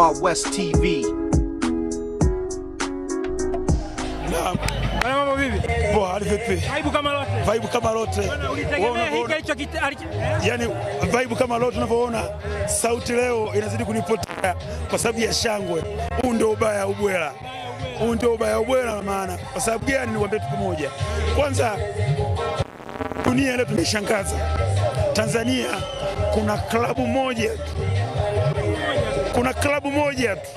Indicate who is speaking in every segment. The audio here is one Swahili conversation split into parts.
Speaker 1: Wild West TV.
Speaker 2: Mambo kama lote.
Speaker 3: Vibe kama lote. Eh? yani kama lote unavyoona sauti leo inazidi kunipotea kwa sababu ya shangwe. Huu ndio ubaya ubwela. Huu ndio ubaya ubwela maana. Kwa sababu gani niwaambie tu kimoja. Kwanza dunia leo tumeshangaza. Tanzania kuna klabu moja kuna klabu moja tu,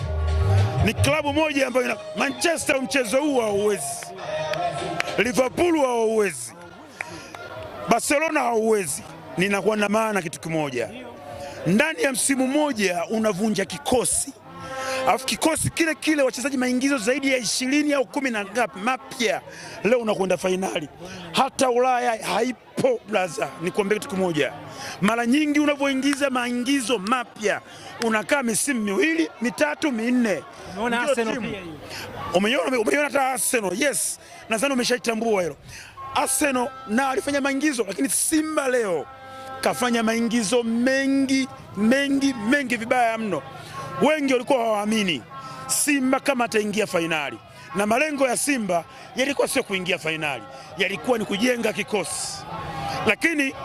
Speaker 3: ni klabu moja ambayo ina Manchester, mchezo huu hauwezi, Liverpool hauwezi, Barcelona hauwezi. Ninakuwa na maana kitu kimoja, ndani ya msimu mmoja unavunja kikosi alafu kikosi kile kile, wachezaji maingizo zaidi ya ishirini au kumi na ngapi mapya, leo unakwenda fainali. Hata Ulaya haipo blaza. Nikwambie kitu kimoja, mara nyingi unavyoingiza maingizo mapya unakaa misimu miwili mitatu minne. Umeona hata Arsenal, yes, nadhani umeshaitambua hilo. Arsenal na alifanya maingizo, lakini Simba leo kafanya maingizo mengi mengi mengi vibaya mno wengi walikuwa hawaamini Simba kama ataingia fainali, na malengo ya Simba yalikuwa sio kuingia fainali, yalikuwa ni kujenga kikosi, lakini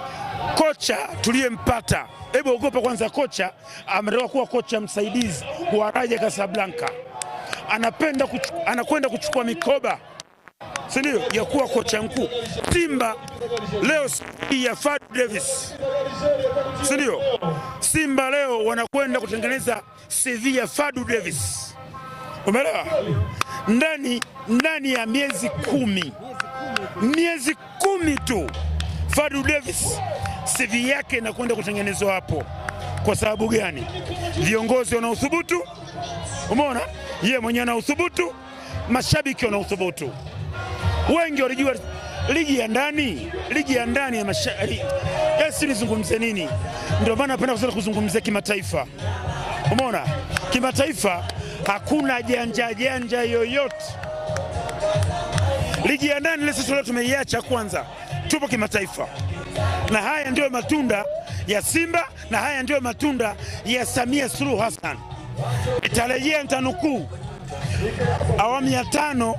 Speaker 3: kocha tuliyempata, hebu ogopa kwanza, kocha ametoka kuwa kocha msaidizi wa Raja Casablanca, anapenda kuchu, anakwenda kuchukua mikoba mawasiliano ya kuwa kocha mkuu Simba leo ya Fadu Davis, si ndio? Simba leo wanakwenda kutengeneza CV ya Fadu Davis, umeelewa? Ndani ndani ya miezi kumi, miezi kumi tu Fadu Davis CV yake inakwenda kutengenezwa hapo. Kwa sababu gani? Viongozi wana uthubutu, umeona, yeye mwenyewe ana uthubutu, mashabiki wana uthubutu wengi walijua ligi ya ndani, ligi ya ndani ya mashariki yaani si nizungumze nini? Ndio maana napenda kusema kuzungumzia kimataifa. Umeona, kimataifa hakuna janja janja yoyote. Ligi ya ndani ile sisi leo tumeiacha kwanza, tupo kimataifa, na haya ndiyo matunda ya Simba na haya ndiyo matunda ya Samia Suluhu Hassan. Nitarejea, nitanukuu awamu ya tano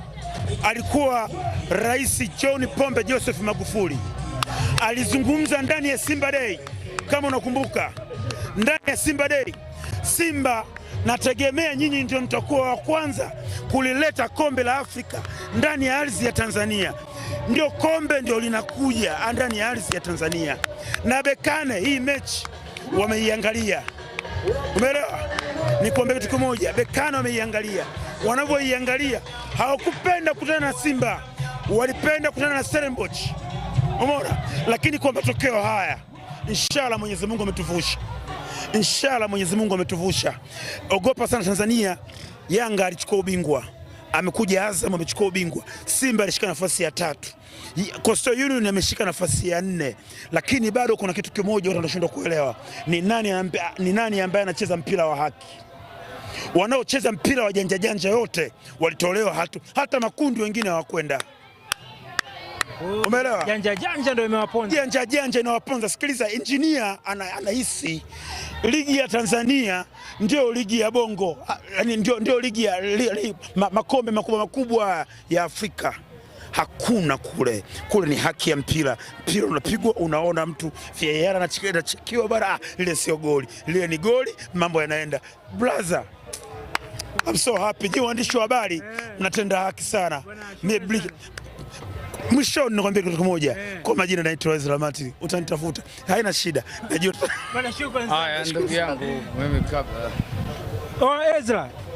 Speaker 3: alikuwa Rais John Pombe Joseph Magufuli alizungumza ndani ya Simba Day, kama unakumbuka, ndani ya Simba Day, Simba nategemea nyinyi ndio mtakuwa wa kwanza kulileta kombe la Afrika ndani ya ardhi ya Tanzania. Ndio kombe ndio linakuja ndani ya ardhi ya Tanzania, na Bekane hii mechi wameiangalia, umeelewa? Nikwambia kitu kimoja, Bekane wameiangalia. Wanavyoiangalia hawakupenda kutana na Simba, walipenda kutana na Stellenbosch, umeona, lakini kwa matokeo haya inshallah Mwenyezi Mungu ametuvusha, inshallah Mwenyezi Mungu ametuvusha. Ogopa sana Tanzania. Yanga alichukua ubingwa, amekuja Azam amechukua ubingwa, Simba alishika nafasi ya tatu, Coastal Union ameshika nafasi ya nne, lakini bado kuna kitu kimoja watu wanashindwa kuelewa, ni nani ambaye, ni nani ambaye anacheza mpira wa haki wanaocheza mpira wa janjajanja janja yote walitolewa hatu, hata makundi wengine hawakwenda. Oh. Umeelewa?
Speaker 2: Janja janja ndio imewaponza.
Speaker 3: Janja janja inawaponza. Sikiliza, injinia anahisi ligi ya Tanzania ndio ligi ya bongo, ah, ndio, ndio ligi ya li, li, makombe makubwa makubwa ya Afrika hakuna kule. Kule ni haki ya mpira, mpira unapigwa, unaona mtu vyeyara anachekiwa bara, ah, lile sio goli, lile ni goli, mambo yanaenda. Brother, I'm so happy. Nyi waandishi wa habari eh. mnatenda haki sana mwisho nakwambia kitu kimoja yeah. Kwa majina naitwa Ezra Mati, utanitafuta haina shida, najua.
Speaker 4: Bwana, shukrani.
Speaker 5: Haya ndugu yangu mimi kabla. Oh, Ezra